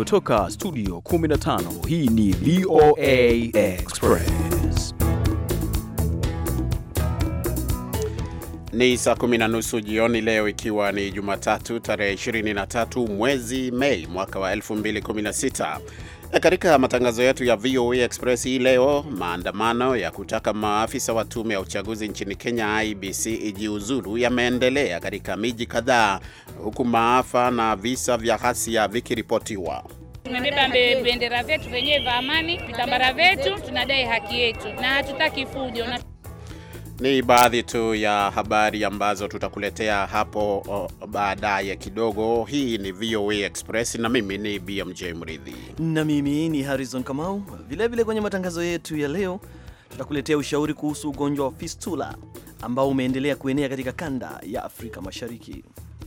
kutoka studio 15 hii ni VOA Express ni saa kumi na nusu jioni leo ikiwa ni Jumatatu tarehe 23 mwezi Mei mwaka wa 2016 katika matangazo yetu ya VOA Express hii leo, maandamano ya kutaka maafisa wa tume ya uchaguzi nchini Kenya IBC ijiuzulu yameendelea katika miji kadhaa, huku maafa na visa vya ghasia vikiripotiwa. Tumebeba bendera zetu zenyewe za amani, vitambara vyetu, tunadai haki yetu na hatutaki fujo na ni baadhi tu ya habari ambazo tutakuletea hapo baadaye kidogo. Hii ni VOA Express na mimi ni BMJ Mridhi na mimi ni Harrison Kamau. Vilevile kwenye matangazo yetu ya leo tutakuletea ushauri kuhusu ugonjwa wa fistula ambao umeendelea kuenea katika kanda ya Afrika Mashariki.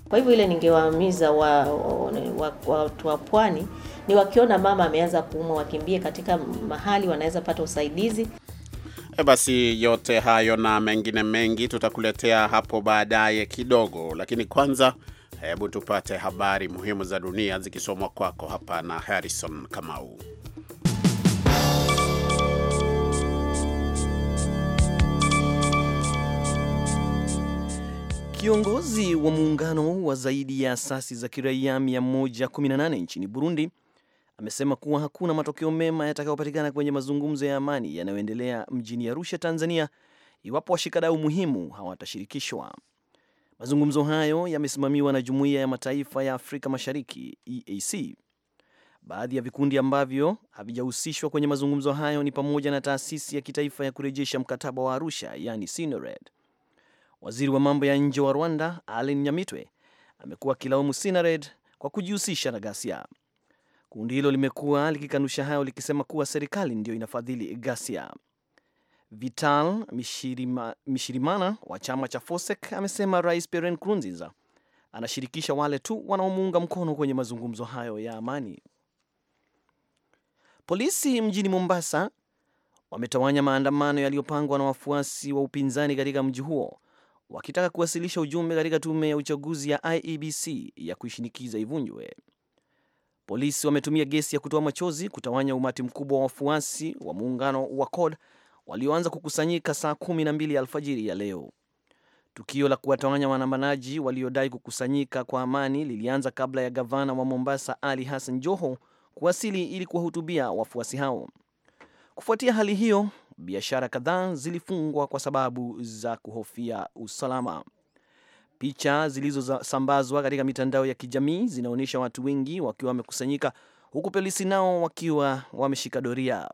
Kwa hivyo ile ningewahimiza watu wa, wa pwani ni wakiona mama ameanza kuumwa wakimbie katika mahali wanaweza pata usaidizi. E, basi yote hayo na mengine mengi tutakuletea hapo baadaye kidogo, lakini kwanza hebu tupate habari muhimu za dunia zikisomwa kwako hapa na Harrison Kamau. Kiongozi wa muungano wa zaidi ya asasi za kiraia 118 nchini Burundi amesema kuwa hakuna matokeo mema yatakayopatikana kwenye mazungumzo ya amani yanayoendelea mjini Arusha, Tanzania, iwapo washikadau muhimu hawatashirikishwa. Mazungumzo hayo yamesimamiwa na Jumuiya ya Mataifa ya Afrika Mashariki, EAC. Baadhi ya vikundi ambavyo havijahusishwa kwenye mazungumzo hayo ni pamoja na taasisi ya kitaifa ya kurejesha mkataba wa Arusha, yani Sinored. Waziri wa mambo ya nje wa Rwanda, Alen Nyamitwe, amekuwa akilaumu SINARED kwa kujihusisha na ghasia. Kundi hilo limekuwa likikanusha hayo likisema kuwa serikali ndiyo inafadhili ghasia. Vital Mishirima, Mishirimana wa chama cha fosec amesema Rais Pierre Nkurunziza anashirikisha wale tu wanaomuunga mkono kwenye mazungumzo hayo ya amani. Polisi mjini Mombasa wametawanya maandamano yaliyopangwa na wafuasi wa upinzani katika mji huo wakitaka kuwasilisha ujumbe katika tume ya uchaguzi ya IEBC ya kuishinikiza ivunjwe. Polisi wametumia gesi ya kutoa machozi kutawanya umati mkubwa wa wafuasi wa muungano wa CORD walioanza kukusanyika saa kumi na mbili alfajiri ya leo. Tukio la kuwatawanya waandamanaji waliodai kukusanyika kwa amani lilianza kabla ya gavana wa Mombasa Ali Hassan Joho kuwasili ili kuwahutubia wafuasi hao. Kufuatia hali hiyo, biashara kadhaa zilifungwa kwa sababu za kuhofia usalama. Picha zilizosambazwa katika mitandao ya kijamii zinaonyesha watu wengi wakiwa wamekusanyika huku polisi nao wakiwa wameshika doria.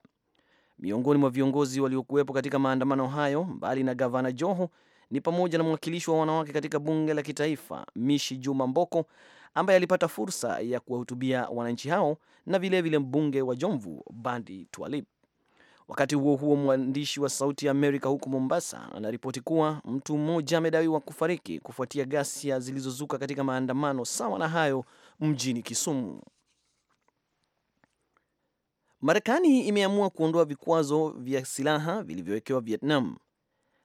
Miongoni mwa viongozi waliokuwepo katika maandamano hayo, mbali na gavana Joho, ni pamoja na mwakilishi wa wanawake katika bunge la kitaifa Mishi Juma Mboko ambaye alipata fursa ya kuwahutubia wananchi hao na vilevile vile mbunge wa Jomvu Bandi Twalib. Wakati huo huo, mwandishi wa Sauti ya Amerika huko Mombasa anaripoti kuwa mtu mmoja amedaiwa kufariki kufuatia ghasia zilizozuka katika maandamano sawa na hayo mjini Kisumu. Marekani imeamua kuondoa vikwazo vya silaha vilivyowekewa Vietnam.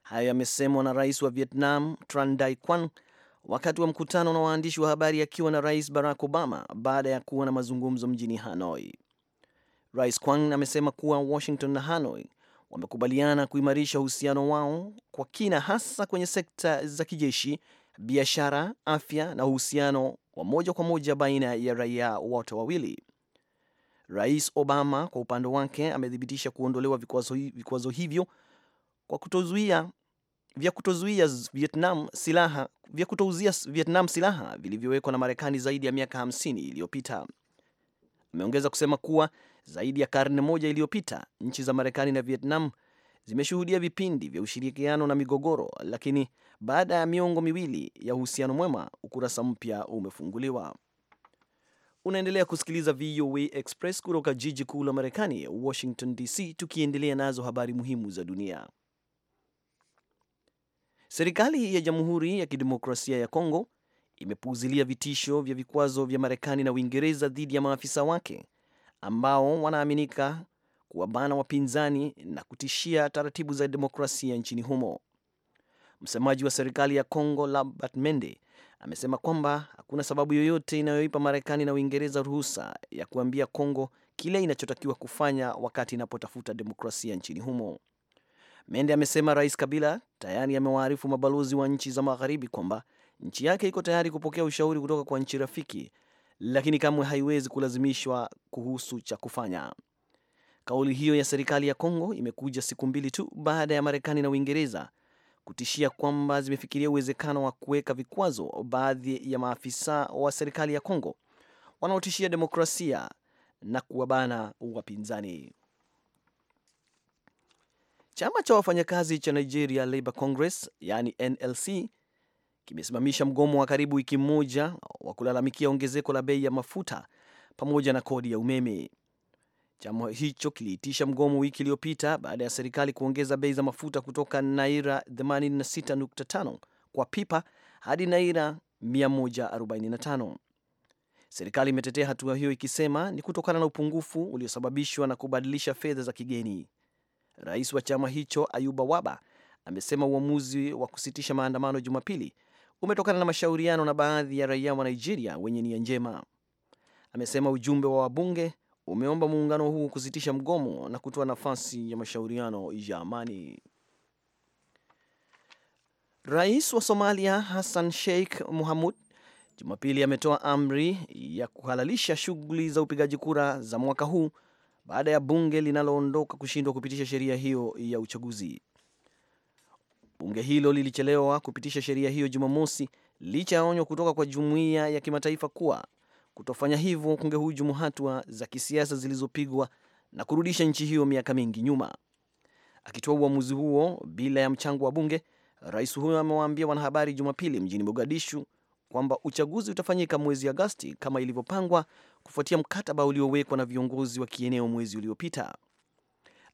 Hayo yamesemwa na rais wa Vietnam Tran Dai Quan wakati wa mkutano na waandishi wa habari akiwa na rais Barack Obama baada ya kuwa na mazungumzo mjini Hanoi. Rais Kwang amesema kuwa Washington na Hanoi wamekubaliana kuimarisha uhusiano wao kwa kina, hasa kwenye sekta za kijeshi, biashara, afya na uhusiano wa moja kwa moja baina ya raia wote wawili. Rais Obama kwa upande wake amethibitisha kuondolewa vikwazo hivyo kwa kutozuia vya kutozuia Vietnam silaha, vya kutouzia Vietnam silaha vilivyowekwa na Marekani zaidi ya miaka 50 iliyopita. Ameongeza kusema kuwa zaidi ya karne moja iliyopita, nchi za Marekani na Vietnam zimeshuhudia vipindi vya ushirikiano na migogoro, lakini baada ya miongo miwili ya uhusiano mwema, ukurasa mpya umefunguliwa. Unaendelea kusikiliza VOA Express kutoka jiji kuu la Marekani, Washington DC, tukiendelea nazo habari muhimu za dunia. Serikali ya Jamhuri ya Kidemokrasia ya Kongo imepuuzilia vitisho vya vikwazo vya Marekani na Uingereza dhidi ya maafisa wake ambao wanaaminika kuwabana wapinzani na kutishia taratibu za demokrasia nchini humo. Msemaji wa serikali ya Congo, Lambert Mende, amesema kwamba hakuna sababu yoyote inayoipa Marekani na Uingereza ruhusa ya kuambia Congo kile inachotakiwa kufanya wakati inapotafuta demokrasia nchini humo. Mende amesema Rais Kabila tayari amewaarifu mabalozi wa nchi za magharibi kwamba nchi yake iko tayari kupokea ushauri kutoka kwa nchi rafiki lakini kamwe haiwezi kulazimishwa kuhusu cha kufanya. Kauli hiyo ya serikali ya Kongo imekuja siku mbili tu baada ya Marekani na Uingereza kutishia kwamba zimefikiria uwezekano wa kuweka vikwazo baadhi ya maafisa wa serikali ya Kongo wanaotishia demokrasia na kuwabana wapinzani. Chama cha wafanyakazi cha Nigeria Labour Congress, yani NLC, kimesimamisha mgomo wa karibu wiki moja wa kulalamikia ongezeko la bei ya mafuta pamoja na kodi ya umeme. Chama hicho kiliitisha mgomo wiki iliyopita baada ya serikali kuongeza bei za mafuta kutoka naira 86.5 kwa pipa hadi naira 145. Serikali imetetea hatua hiyo ikisema ni kutokana na upungufu uliosababishwa na kubadilisha fedha za kigeni. Rais wa chama hicho Ayuba Waba amesema uamuzi wa kusitisha maandamano Jumapili umetokana na mashauriano na baadhi ya raia wa Nigeria wenye nia njema. Amesema ujumbe wa wabunge umeomba muungano huu kusitisha mgomo na kutoa nafasi ya mashauriano ya amani. Rais wa Somalia Hassan Sheikh Mohamud Jumapili ametoa amri ya kuhalalisha shughuli za upigaji kura za mwaka huu baada ya bunge linaloondoka kushindwa kupitisha sheria hiyo ya uchaguzi. Bunge hilo lilichelewa kupitisha sheria hiyo Jumamosi licha ya onyo kutoka kwa jumuiya ya kimataifa kuwa kutofanya hivyo kungehujumu hatua za kisiasa zilizopigwa na kurudisha nchi hiyo miaka mingi nyuma. Akitoa uamuzi huo bila ya mchango wa bunge, rais huyo amewaambia wanahabari Jumapili mjini Mogadishu kwamba uchaguzi utafanyika mwezi Agosti kama ilivyopangwa kufuatia mkataba uliowekwa na viongozi wa kieneo mwezi uliopita.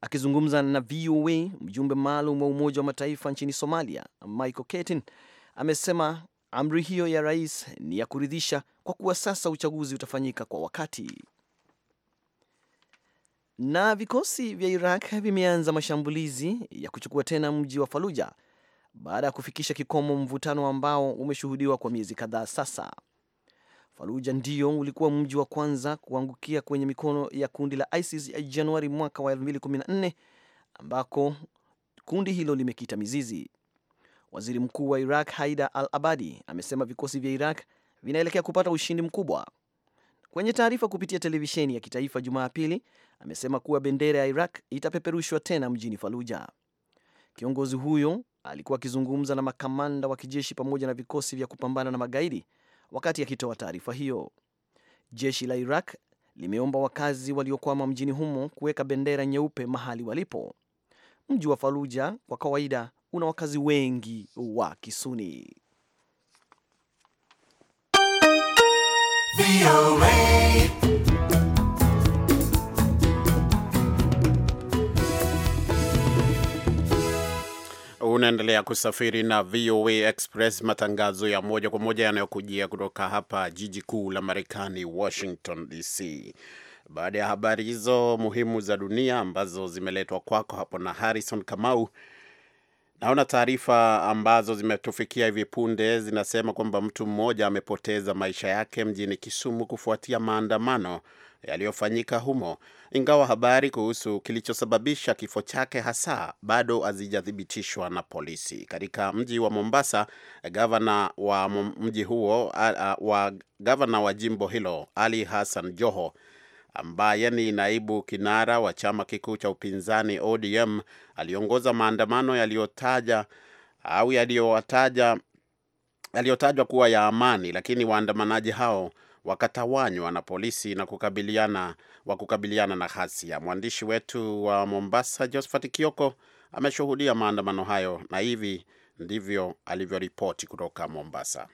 Akizungumza na VOA, mjumbe maalum wa Umoja wa Mataifa nchini Somalia, Michael Ketin, amesema amri hiyo ya rais ni ya kuridhisha kwa kuwa sasa uchaguzi utafanyika kwa wakati. Na vikosi vya Iraq vimeanza mashambulizi ya kuchukua tena mji wa Faluja baada ya kufikisha kikomo mvutano ambao umeshuhudiwa kwa miezi kadhaa sasa. Faluja ndio ulikuwa mji wa kwanza kuangukia kwenye mikono ya kundi la ISIS ya Januari mwaka wa 2014 ambako kundi hilo limekita mizizi. Waziri mkuu wa Iraq Haida al Abadi amesema vikosi vya Iraq vinaelekea kupata ushindi mkubwa. Kwenye taarifa kupitia televisheni ya kitaifa Jumapili, amesema kuwa bendera ya Iraq itapeperushwa tena mjini Faluja. Kiongozi huyo alikuwa akizungumza na makamanda wa kijeshi pamoja na vikosi vya kupambana na magaidi wakati akitoa taarifa hiyo. Jeshi la Iraq limeomba wakazi waliokwama mjini humo kuweka bendera nyeupe mahali walipo. Mji wa Faluja kwa kawaida una wakazi wengi wa Kisuni. VOA. Unaendelea kusafiri na VOA Express, matangazo ya moja kwa moja yanayokujia kutoka hapa jiji kuu la Marekani, Washington DC. Baada ya habari hizo muhimu za dunia ambazo zimeletwa kwako hapo na Harrison Kamau, naona taarifa ambazo zimetufikia hivi punde zinasema kwamba mtu mmoja amepoteza maisha yake mjini Kisumu kufuatia maandamano yaliyofanyika humo, ingawa habari kuhusu kilichosababisha kifo chake hasa bado hazijathibitishwa na polisi. Katika mji wa Mombasa, gavana wa mji huo wa gavana wa jimbo hilo Ali Hassan Joho ambaye ni naibu kinara wa chama kikuu cha upinzani ODM aliongoza maandamano yaliyotaja au yaliyotajwa kuwa ya amani, lakini waandamanaji hao wakatawanywa na polisi na kukabiliana wa kukabiliana na ghasia. Mwandishi wetu wa Mombasa Josphat Kioko ameshuhudia maandamano hayo na hivi ndivyo alivyoripoti kutoka Mombasa.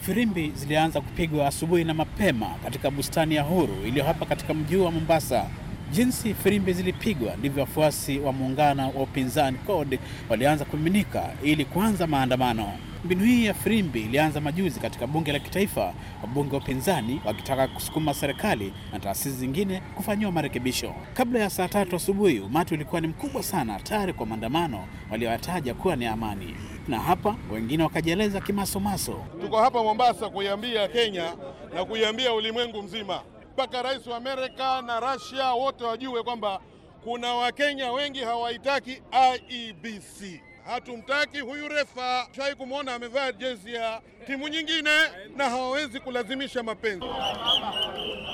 Firimbi zilianza kupigwa asubuhi na mapema katika bustani ya Huru iliyo hapa katika mji wa Mombasa. Jinsi firimbi zilipigwa ndivyo wafuasi wa muungano wa upinzani CORD walianza kumiminika ili kuanza maandamano. Mbinu hii ya firimbi ilianza majuzi katika bunge la kitaifa, wabunge wa upinzani wakitaka kusukuma serikali na taasisi zingine kufanyiwa marekebisho. Kabla ya saa tatu asubuhi, umati ulikuwa ni mkubwa sana, tayari kwa maandamano waliowataja kuwa ni amani, na hapa wengine wakajieleza kimasomaso. Tuko hapa Mombasa kuiambia Kenya na kuiambia ulimwengu mzima mpaka rais wa Amerika na Russia wote wajue kwamba kuna Wakenya wengi hawaitaki IEBC. Hatumtaki huyu refa, shai kumwona amevaa jezi ya timu nyingine, na hawawezi kulazimisha mapenzi.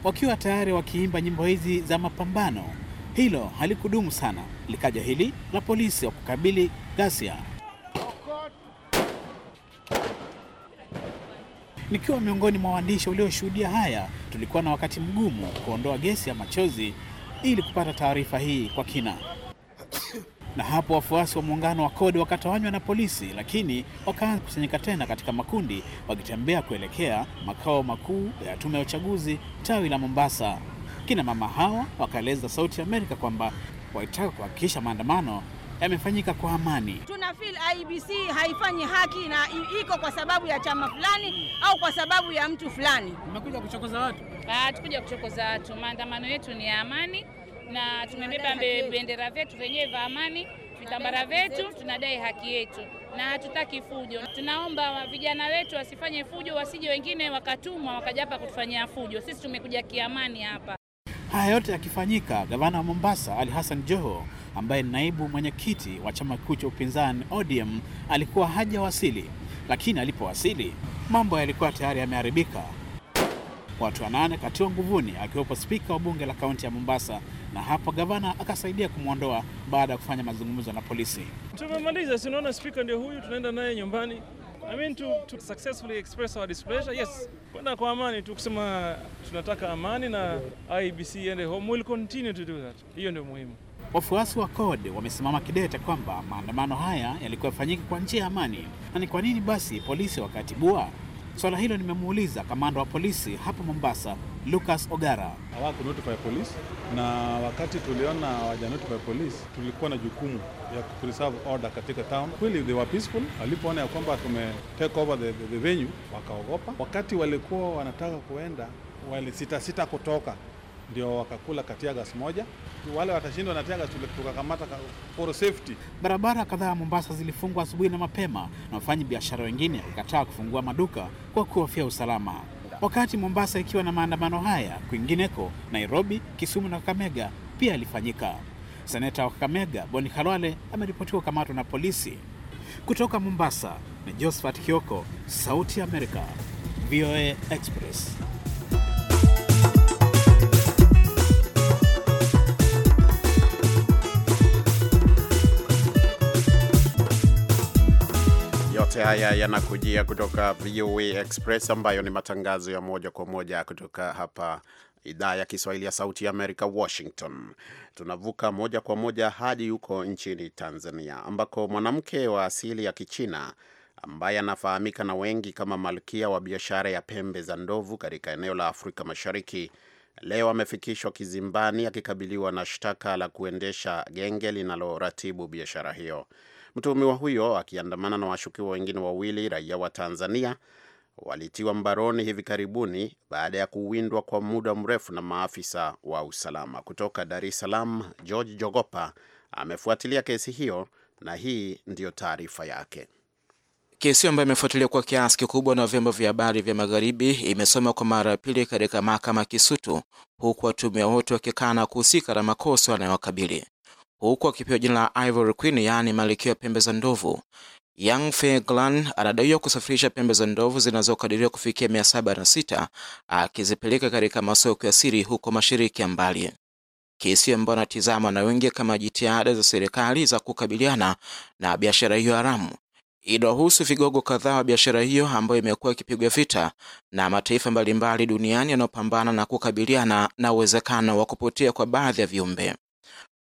Wakiwa tayari wakiimba nyimbo hizi za mapambano, hilo halikudumu sana, likaja hili la polisi wa kukabili ghasia. Nikiwa miongoni mwa waandishi walioshuhudia haya, tulikuwa na wakati mgumu kuondoa gesi ya machozi ili kupata taarifa hii kwa kina. Na hapo wafuasi wa muungano wa CORD wakatawanywa na polisi, lakini wakaanza kukusanyika tena katika makundi, wakitembea kuelekea makao makuu ya tume ya uchaguzi tawi la Mombasa. Kina mama hawa wakaeleza Sauti ya Amerika kwamba walitaka kuhakikisha maandamano yamefanyika kwa amani. Tuna feel IBC haifanyi haki na iko kwa sababu ya chama fulani au kwa sababu ya mtu fulani. Tumekuja kuchokoza watu? Ah, tukuja kuchokoza watu. Maandamano yetu ni ya amani na tumebeba bendera vyetu vyenyewe vya amani, vitambara vyetu, tunadai haki yetu na hatutaki fujo. Tunaomba vijana wetu wasifanye fujo, wasije wengine wakatumwa wakaja hapa kutufanyia fujo. Sisi tumekuja kiamani hapa. Haya yote yakifanyika, gavana wa Mombasa Ali Hassan Joho ambaye naibu mwenyekiti wa chama kikuu cha upinzani ODM alikuwa hajawasili, lakini alipowasili mambo yalikuwa tayari yameharibika. Watu wanane katiwa nguvuni, akiwepo spika wa bunge la kaunti ya Mombasa, na hapo gavana akasaidia kumwondoa baada ya kufanya mazungumzo na polisi. Tumemaliza, sinaona spika ndio huyu, tunaenda naye nyumbani. I mean to, to successfully express our displeasure. Yes, kwenda kwa amani tu kusema tunataka amani na IBC iende home. We'll continue to do that. Hiyo ndio muhimu. Wafuasi wa CORD wamesimama kidete kwamba maandamano haya yalikuwa yafanyike kwa njia ya amani, na ni kwa nini basi polisi wakatibua? Swala hilo nimemuuliza kamanda wa polisi hapa Mombasa, Lucas Ogara. Hawaku notify police, na wakati tuliona waja notify police, tulikuwa na jukumu ya kupreserve order katika town. Kweli they were peaceful. Walipoona ya kwamba tume take over the, the, the venue, wakaogopa. Wakati walikuwa wanataka kuenda, walisitasita kutoka, ndio wakakula katiagas moja wale watashindwa na tega tukakamata for safety. Barabara kadhaa ya Mombasa zilifungwa asubuhi na mapema na wafanya biashara wengine wakikataa kufungua maduka kwa kuhofia usalama. Wakati Mombasa ikiwa na maandamano haya, kwingineko Nairobi, Kisumu na Kakamega pia alifanyika Seneta wa Kakamega Boni Khalwale ameripotiwa kukamatwa na polisi. Kutoka Mombasa ni Josephat Kioko, Sauti ya Amerika, VOA Express. yote haya yanakujia kutoka VOA Express ambayo ni matangazo ya moja kwa moja kutoka hapa idhaa ya Kiswahili ya Sauti ya Amerika, Washington. Tunavuka moja kwa moja hadi huko nchini Tanzania, ambako mwanamke wa asili ya Kichina ambaye anafahamika na wengi kama malkia wa biashara ya pembe za ndovu katika eneo la Afrika Mashariki leo amefikishwa kizimbani akikabiliwa na shtaka la kuendesha genge linaloratibu biashara hiyo. Mtuhumiwa huyo akiandamana na washukiwa wengine wawili raia wa Tanzania walitiwa mbaroni hivi karibuni baada ya kuwindwa kwa muda mrefu na maafisa wa usalama. Kutoka Dar es Salaam, George Jogopa amefuatilia kesi hiyo na hii ndiyo taarifa yake. Kesi hiyo ambayo imefuatiliwa kwa kiasi kikubwa na vyombo vya habari vya Magharibi imesomwa kwa mara ya pili katika mahakama Kisutu, huku watumia wote wakikana kuhusika na makosa yanayowakabili huku akipewa jina la Ivory Queen, yaani malikia ya pembe za ndovu. Yang Fei Glan anadaiwa kusafirisha pembe za ndovu zinazokadiriwa kufikia sita akizipeleka katika masoko ya siri huko mashariki ya mbali, kesi ambayo anatizama na wengi kama jitihada za serikali za kukabiliana na biashara hiyo haramu. Inahusu vigogo kadhaa wa biashara hiyo ambayo imekuwa ikipigwa vita na mataifa mbalimbali duniani yanayopambana na kukabiliana na uwezekano wa kupotea kwa baadhi ya viumbe.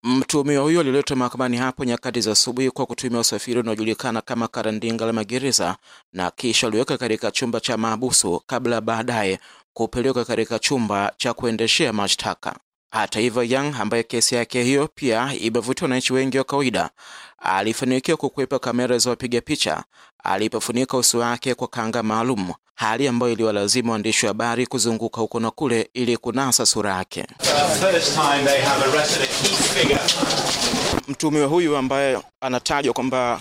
Mtuhumiwa huyo aliletwa mahakamani hapo nyakati za asubuhi kwa kutumia usafiri unaojulikana kama karandinga la magereza na kisha aliweka katika chumba cha mahabusu kabla baadaye kupelekwa katika chumba cha kuendeshea mashtaka. Hata hivyo, Young ambaye kesi yake hiyo pia imevutia wananchi wengi wa kawaida, alifanikiwa kukwepa kamera za wapiga picha alipofunika uso wake kwa kanga maalum hali ambayo iliwalazimu waandishi wa habari kuzunguka huko na kule ili kunasa sura yake. Mtuhumiwa huyu ambaye anatajwa kwamba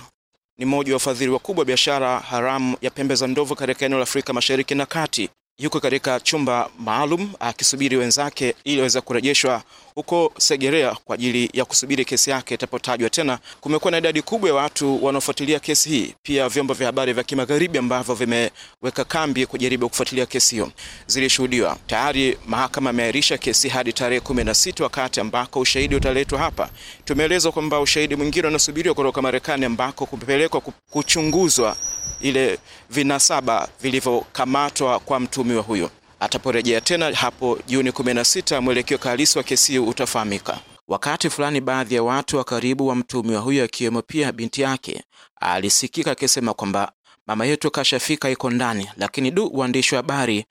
ni mmoja wa wafadhili wakubwa wa biashara haramu ya pembe za ndovu katika eneo la Afrika Mashariki na Kati yuko katika chumba maalum akisubiri wenzake ili aweze kurejeshwa huko Segerea kwa ajili ya kusubiri kesi yake itapotajwa tena. Kumekuwa na idadi kubwa ya watu wanaofuatilia kesi hii, pia vyombo vya habari vya kimagharibi ambavyo vimeweka kambi kujaribu kufuatilia kesi hiyo zilishuhudiwa. Tayari mahakama imeahirisha kesi hadi tarehe kumi na sita wakati ambako ushahidi utaletwa hapa. Tumeelezwa kwamba ushahidi mwingine unasubiriwa kutoka Marekani ambako kupelekwa kuchunguzwa ile vinasaba vilivyokamatwa kwa mtumiwa huyo. Ataporejea tena hapo Juni 16, mwelekeo halisi wa kesi utafahamika. Wakati fulani, baadhi ya watu wa karibu wa mtuhumiwa huyo akiwemo pia binti yake alisikika akisema kwamba mama yetu kashafika, iko ndani, lakini du, waandishi wa habari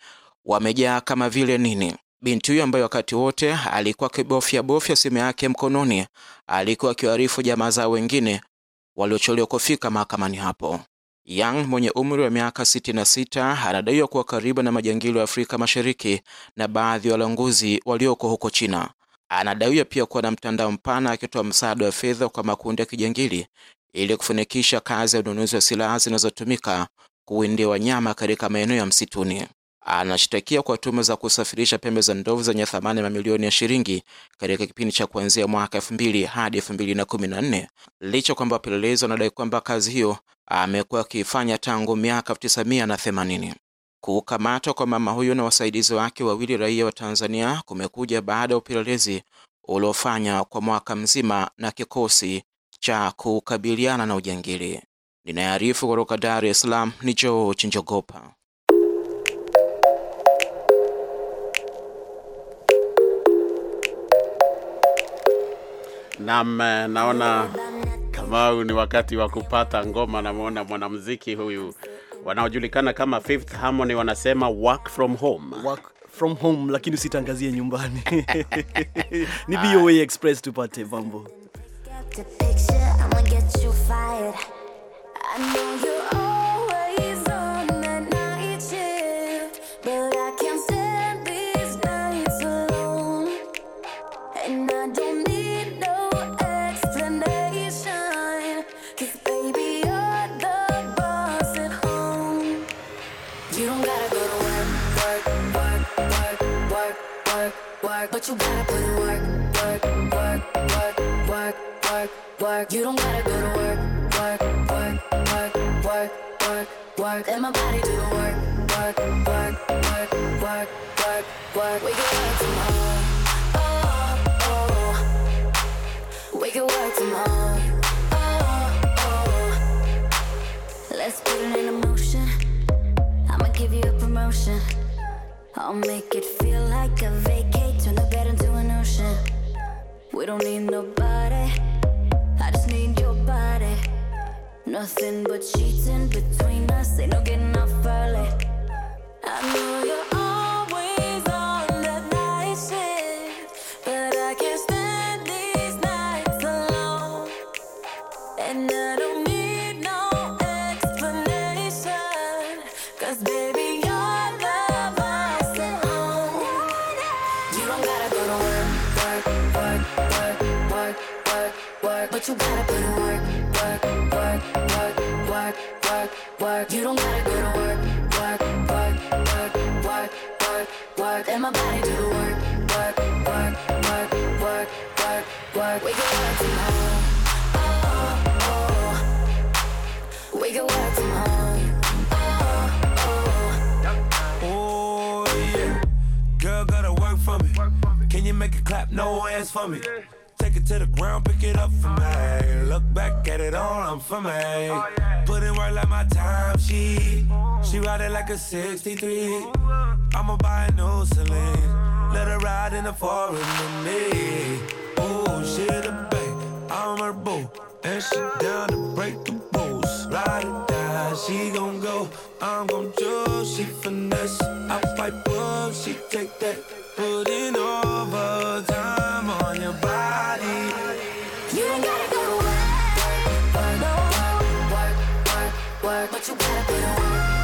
wamejaa kama vile nini. Binti huyo ambaye wakati wote alikuwa akibofya bofya simu yake mkononi, alikuwa akiwaarifu jamaa zao wengine waliocholewa kufika mahakamani hapo. Young mwenye umri wa miaka 66 anadaiwa kuwa karibu na majangili wa Afrika Mashariki na baadhi ya walanguzi walioko huko China. Anadaiwa pia kuwa na mtandao mpana, akitoa msaada wa fedha kwa makundi ya kijangili ili kufanikisha kazi ya ununuzi wa silaha zinazotumika kuwindia wanyama katika maeneo ya msituni anashtakia kwa tuma za kusafirisha pembe za ndovu zenye thamani ya mamilioni ya shilingi katika kipindi cha kuanzia mwaka 2000 hadi 2014, licho licha kwamba wapelelezi wanadai kwamba kazi hiyo amekuwa akiifanya tangu miaka 980 Kukamatwa kwa mama huyo na wasaidizi wake wawili raia wa Tanzania kumekuja baada ya upelelezi uliofanya kwa mwaka mzima na kikosi cha kukabiliana na ujangili. Ninaarifu kutoka Dar es Salaam ni Joe Njogopa. Naam, eh, naona kama ni wakati wa kupata ngoma. Namwona mwanamuziki huyu wanaojulikana kama Fifth Harmony wanasema work from home, work from home, lakini usitangazie nyumbani. Ni VOA ah. Express, tupate mambo but you gotta put in work, work, work, work, work, work, work. You don't gotta go to work, work, work, work, work, work, work. Let my body do the work, work, work, work, work, work, work. We can work from home, oh, oh. We can work from home, oh, oh. Let's put it in motion. I'ma give you a promotion. I'll make it feel like a vacate, turn the bed into an ocean. We don't need nobody, I just need your body. Nothing but sheets in between us, ain't no getting off early. I know you're. but you gotta put in work, work, work, work, work, work, work. You don't gotta go to work, work, work, work, work, work, work. And my body do the work, work, work, work, work, work, work. We can work tomorrow, oh, oh, oh. We can work tomorrow. Girl, gotta work for me. Can you make a clap? No hands for me to the ground, pick it up for me. Look back at it all, I'm for me. Put in work like my time, she. She ride it like a 63. I'ma buy a new Celine. Let her ride in the forest with me. Oh, she the babe, I'm her boo. And she down to break the rules. Ride or die, she gon' go. I'm gon' choose, she finesse. I fight, boom, she take that. Put in overtime. work, but you gotta put in work.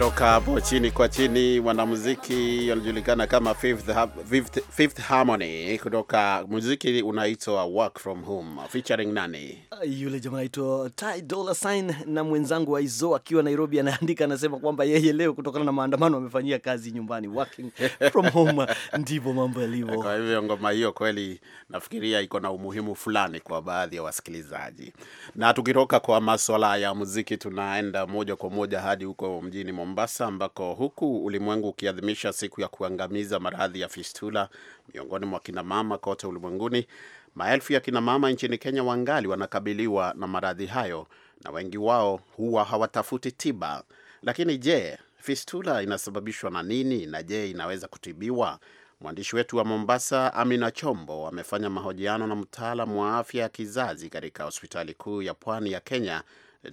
Wakiondoka hapo chini kwa chini, wanamuziki wanajulikana kama Fifth, Fifth, Fifth Harmony kutoka muziki unaitwa Work From Home featuring nani? Ah, yule jamaa anaitwa Ty Dolla Sign na mwenzangu Aizo akiwa Nairobi anaandika, anasema kwamba yeye leo kutokana na maandamano amefanyia kazi nyumbani, working from home ndivyo mambo yalivyo. Kwa hivyo ngoma hiyo kweli nafikiria iko na umuhimu fulani kwa baadhi ya wasikilizaji, na tukitoka kwa maswala ya muziki tunaenda moja kwa moja hadi huko mjini Mombasa Mombasa, ambako huku ulimwengu ukiadhimisha siku ya kuangamiza maradhi ya fistula miongoni mwa kinamama kote ulimwenguni, maelfu ya kinamama nchini Kenya wangali wanakabiliwa na maradhi hayo, na wengi wao huwa hawatafuti tiba. Lakini je, fistula inasababishwa na nini, na je, inaweza kutibiwa? Mwandishi wetu wa Mombasa, Amina Chombo, amefanya mahojiano na mtaalamu wa afya ya kizazi katika hospitali kuu ya pwani ya Kenya,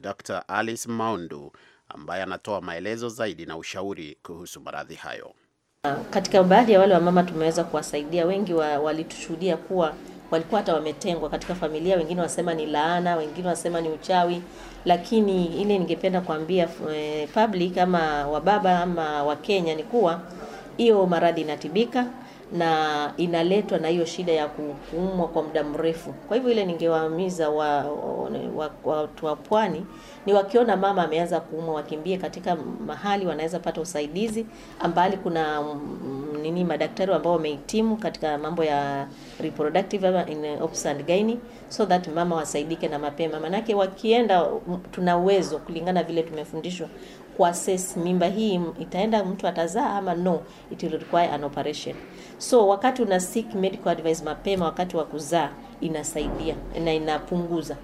Dr Alice Maundu ambaye anatoa maelezo zaidi na ushauri kuhusu maradhi hayo. Katika baadhi ya wale wamama tumeweza kuwasaidia, wengi wa, walitushuhudia kuwa walikuwa hata wametengwa katika familia, wengine wasema ni laana, wengine wasema ni uchawi. Lakini ile ningependa kuambia e, public ama wababa ama Wakenya ni kuwa hiyo maradhi inatibika na inaletwa na hiyo shida ya kuumwa kwa muda mrefu. Kwa hivyo ile ningewahimiza watu wa, wa, wa, wa pwani ni wakiona mama ameanza kuumwa wakimbie katika mahali wanaweza pata usaidizi, ambali kuna mm, nini madaktari ambao wamehitimu katika mambo ya reproductive in eh, Ops and Gynae, so that mama wasaidike na mapema, manake wakienda, mm, tuna uwezo kulingana vile tumefundishwa kuassess mimba hii mm, itaenda mtu atazaa ama no, it will require an operation. So wakati una seek medical advice mapema wakati wa kuzaa inasaidia na inapunguza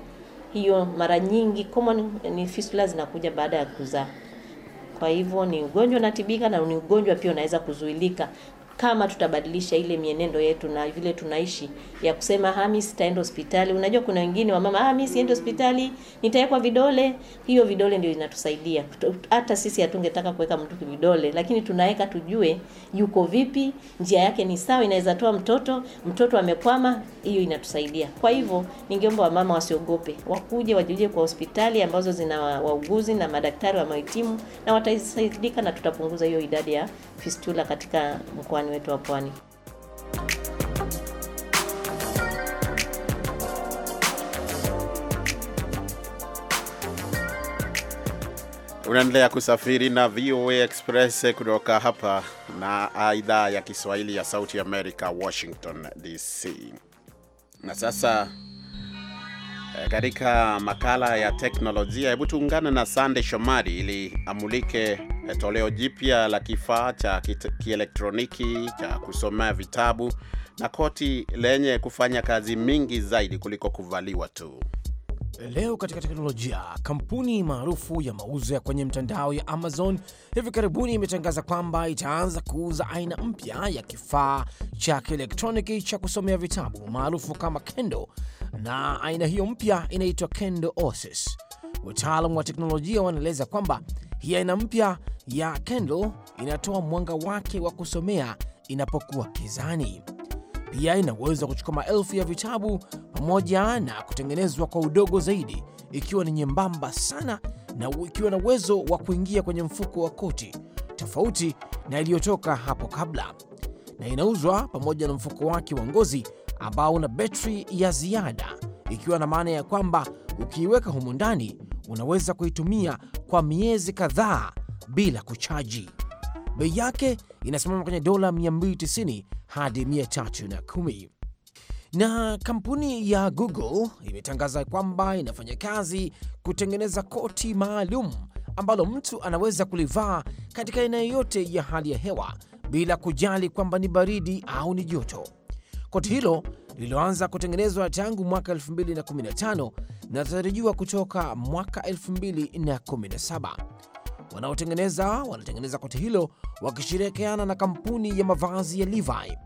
hiyo mara nyingi common ni fistula zinakuja baada ya kuzaa. Kwa hivyo ni ugonjwa unatibika na ni ugonjwa pia unaweza kuzuilika kama tutabadilisha ile mienendo yetu na vile tunaishi ya kusema ah, sitaenda hospitali. Unajua kuna wengine wa mama, ah, mimi siende hospitali, nitawekwa vidole. Hiyo vidole ndio inatusaidia. Hata sisi hatungetaka kuweka mtu vidole, lakini tunaweka tujue yuko vipi, njia yake ni sawa, inaweza toa mtoto, mtoto amekwama, hiyo inatusaidia. Kwa hivyo ningeomba wamama wasiogope, wakuje wajulie kwa hospitali ambazo zina wauguzi na madaktari wa mahitimu na watasaidika, na tutapunguza hiyo idadi ya fistula katika mkoani wetu wa Pwani. Unaendelea kusafiri na VOA Express kutoka hapa na idhaa ya Kiswahili ya Sauti Amerika, Washington DC. Na sasa eh, katika makala ya teknolojia, hebu tuungane na Sande Shomari ili amulike Eh, toleo jipya la kifaa cha kielektroniki cha kusomea vitabu na koti lenye kufanya kazi mingi zaidi kuliko kuvaliwa tu. Leo katika teknolojia, kampuni maarufu ya mauzo ya kwenye mtandao ya Amazon hivi karibuni imetangaza kwamba itaanza kuuza aina mpya ya kifaa cha kielektroniki cha kusomea vitabu maarufu kama Kindle, na aina hiyo mpya inaitwa Kindle Oasis. Wataalamu wa teknolojia wanaeleza kwamba hii aina mpya ya Kindle inatoa mwanga wake wa kusomea inapokuwa kizani Pia ina kuchukua maelfu ya vitabu pamoja na kutengenezwa kwa udogo zaidi, ikiwa ni nyembamba sana na ikiwa na uwezo wa kuingia kwenye mfuko wa koti, tofauti na iliyotoka hapo kabla, na inauzwa pamoja na mfuko wake wa ngozi ambao una betri ya ziada, ikiwa na maana ya kwamba ukiiweka humo ndani unaweza kuitumia kwa miezi kadhaa bila kuchaji. Bei yake inasimama kwenye dola 290 hadi 310. Na kampuni ya Google imetangaza kwamba inafanya kazi kutengeneza koti maalum ambalo mtu anaweza kulivaa katika aina yoyote ya hali ya hewa bila kujali kwamba ni baridi au ni joto. Koti hilo lililoanza kutengenezwa tangu mwaka 2015 linatarajiwa kutoka mwaka 2017. Wanaotengeneza wanatengeneza koti hilo wakishirikiana na kampuni ya mavazi ya Levi.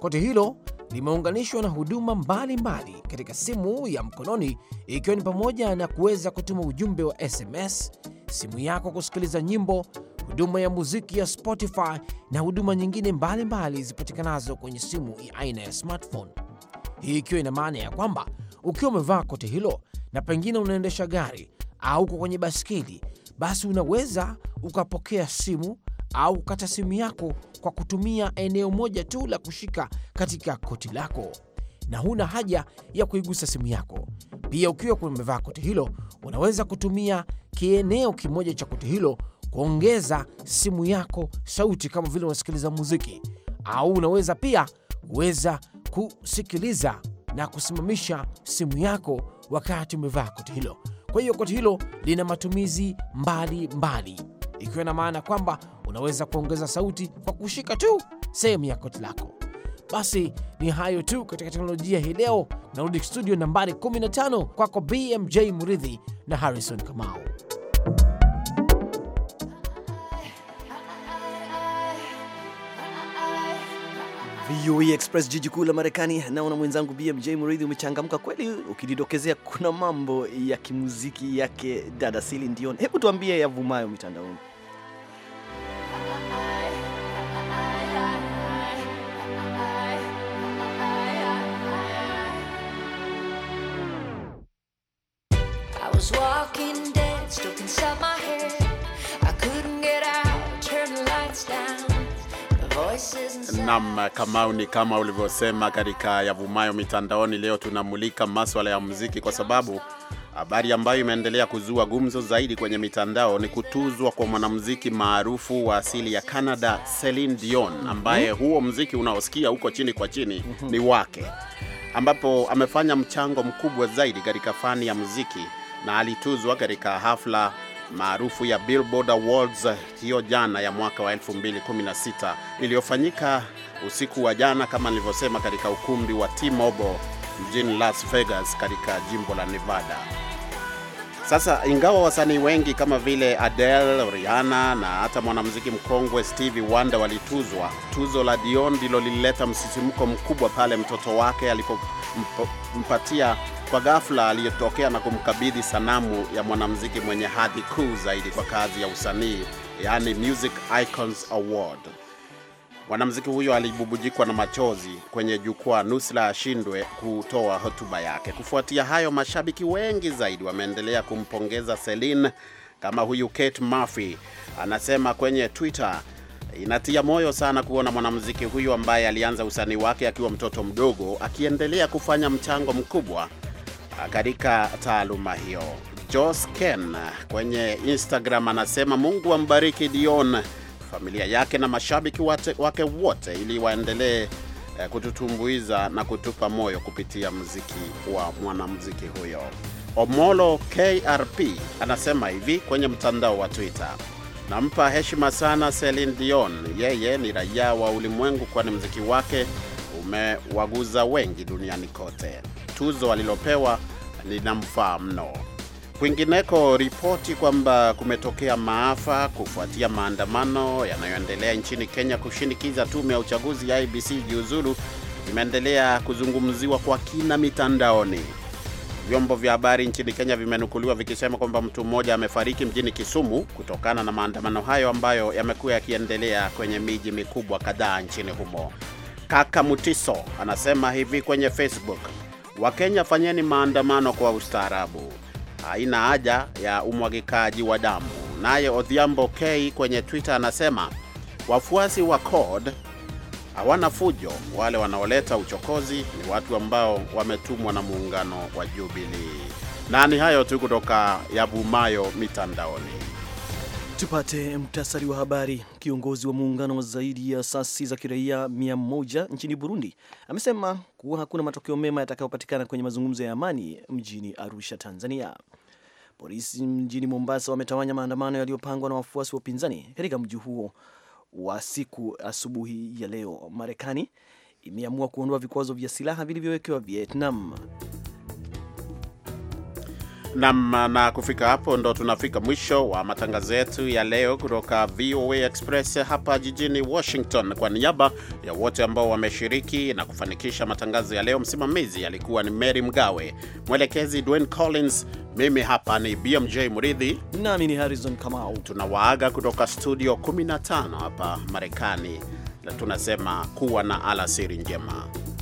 Koti hilo limeunganishwa na huduma mbalimbali mbali katika simu ya mkononi ikiwa ni pamoja na kuweza kutuma ujumbe wa SMS, simu yako kusikiliza nyimbo, huduma ya muziki ya Spotify na huduma nyingine mbalimbali zipatikanazo kwenye simu ya aina ya smartphone. Hii ikiwa ina maana ya kwamba ukiwa umevaa koti hilo na pengine unaendesha gari au uko kwenye baskeli, basi unaweza ukapokea simu au kukata simu yako kwa kutumia eneo moja tu la kushika katika koti lako, na huna haja ya kuigusa simu yako. Pia ukiwa umevaa koti hilo, unaweza kutumia kieneo kimoja cha koti hilo kuongeza simu yako sauti kama vile unasikiliza muziki, au unaweza pia kuweza kusikiliza na kusimamisha simu yako wakati umevaa koti hilo. Kwa hiyo koti hilo lina matumizi mbali mbali, ikiwa na maana kwamba unaweza kuongeza sauti kwa kushika tu sehemu ya koti lako. Basi ni hayo tu katika teknolojia hii leo. Narudi studio nambari 15 kwako BMJ Muridhi na Harrison Kamau. VOA e Express, jiji kuu la Marekani. Naona mwenzangu BMJ Muridhi, umechangamka kweli, ukinidokezea kuna mambo ya kimuziki yake dada Celine Dion. Hebu tuambie yavumayo mitandaoni. nam Kamau, ni kama ulivyosema katika yavumayo mitandaoni, leo tunamulika maswala ya muziki kwa sababu habari ambayo imeendelea kuzua gumzo zaidi kwenye mitandao ni kutuzwa kwa mwanamuziki maarufu wa asili ya Canada Celine Dion, mhm. ambaye huo muziki unaosikia huko chini kwa chini mhm. ni wake, ambapo amefanya mchango mkubwa zaidi katika fani ya muziki na alituzwa katika hafla maarufu ya Billboard Awards eh, hiyo jana ya mwaka wa 2016 iliyofanyika usiku wa jana kama nilivyosema, katika ukumbi wa T-Mobile mjini Las Vegas katika jimbo la Nevada. Sasa ingawa wasanii wengi kama vile Adele, Rihanna na hata mwanamuziki mkongwe Stevie Wonder walituzwa, tuzo la Dion ndilo lilileta msisimko mkubwa pale mtoto wake alipompatia kwa ghafla aliyetokea na kumkabidhi sanamu ya mwanamuziki mwenye hadhi kuu zaidi kwa kazi ya usanii, yaani Music Icons Award. Mwanamuziki huyo alibubujikwa na machozi kwenye jukwaa nusra ashindwe kutoa hotuba yake. Kufuatia hayo, mashabiki wengi zaidi wameendelea kumpongeza Celine, kama huyu Kate Murphy anasema kwenye Twitter, inatia moyo sana kuona mwanamuziki huyu ambaye alianza usanii wake akiwa mtoto mdogo akiendelea kufanya mchango mkubwa katika taaluma hiyo. Jos Ken kwenye Instagram anasema Mungu ambariki Dion, familia yake na mashabiki wate, wake wote, ili waendelee eh, kututumbuiza na kutupa moyo kupitia muziki wa mwanamuziki huyo. Omolo KRP anasema hivi kwenye mtandao wa Twitter, nampa heshima sana Celine Dion, yeye ni raia wa ulimwengu, kwani muziki wake umewaguza wengi duniani kote tuzo alilopewa linamfaa mno. Kwingineko, ripoti kwamba kumetokea maafa kufuatia maandamano yanayoendelea nchini Kenya kushinikiza tume ya uchaguzi ya IBC jiuzulu zimeendelea kuzungumziwa kwa kina mitandaoni. Vyombo vya habari nchini Kenya vimenukuliwa vikisema kwamba mtu mmoja amefariki mjini Kisumu kutokana na maandamano hayo ambayo yamekuwa yakiendelea kwenye miji mikubwa kadhaa nchini humo. Kaka Mutiso anasema hivi kwenye Facebook: Wakenya, fanyeni maandamano kwa ustaarabu, haina haja ya umwagikaji wa damu. Naye Odhiambo K kwenye Twitter anasema wafuasi wa CORD hawana fujo, wale wanaoleta uchokozi ni watu ambao wametumwa na muungano wa Jubilee. Na ni hayo tu kutoka Yavumayo Mitandaoni. Tupate mtasari wa habari. Kiongozi wa muungano wa zaidi ya asasi za kiraia mia moja nchini Burundi amesema kuwa hakuna matokeo mema yatakayopatikana kwenye mazungumzo ya amani mjini Arusha, Tanzania. Polisi mjini Mombasa wametawanya maandamano yaliyopangwa na wafuasi wa upinzani katika mji huo wa siku asubuhi ya leo. Marekani imeamua kuondoa vikwazo vya silaha vilivyowekewa Vietnam. Nam, na kufika hapo ndo tunafika mwisho wa matangazo yetu ya leo kutoka VOA Express hapa jijini Washington. Kwa niaba ya wote ambao wameshiriki na kufanikisha matangazo ya leo, msimamizi alikuwa ni Mary Mgawe, mwelekezi Dwayne Collins, mimi hapa ni BMJ Muridhi nami ni Harrison Kamau. Tunawaaga kutoka studio 15 hapa Marekani na tunasema kuwa na alasiri njema.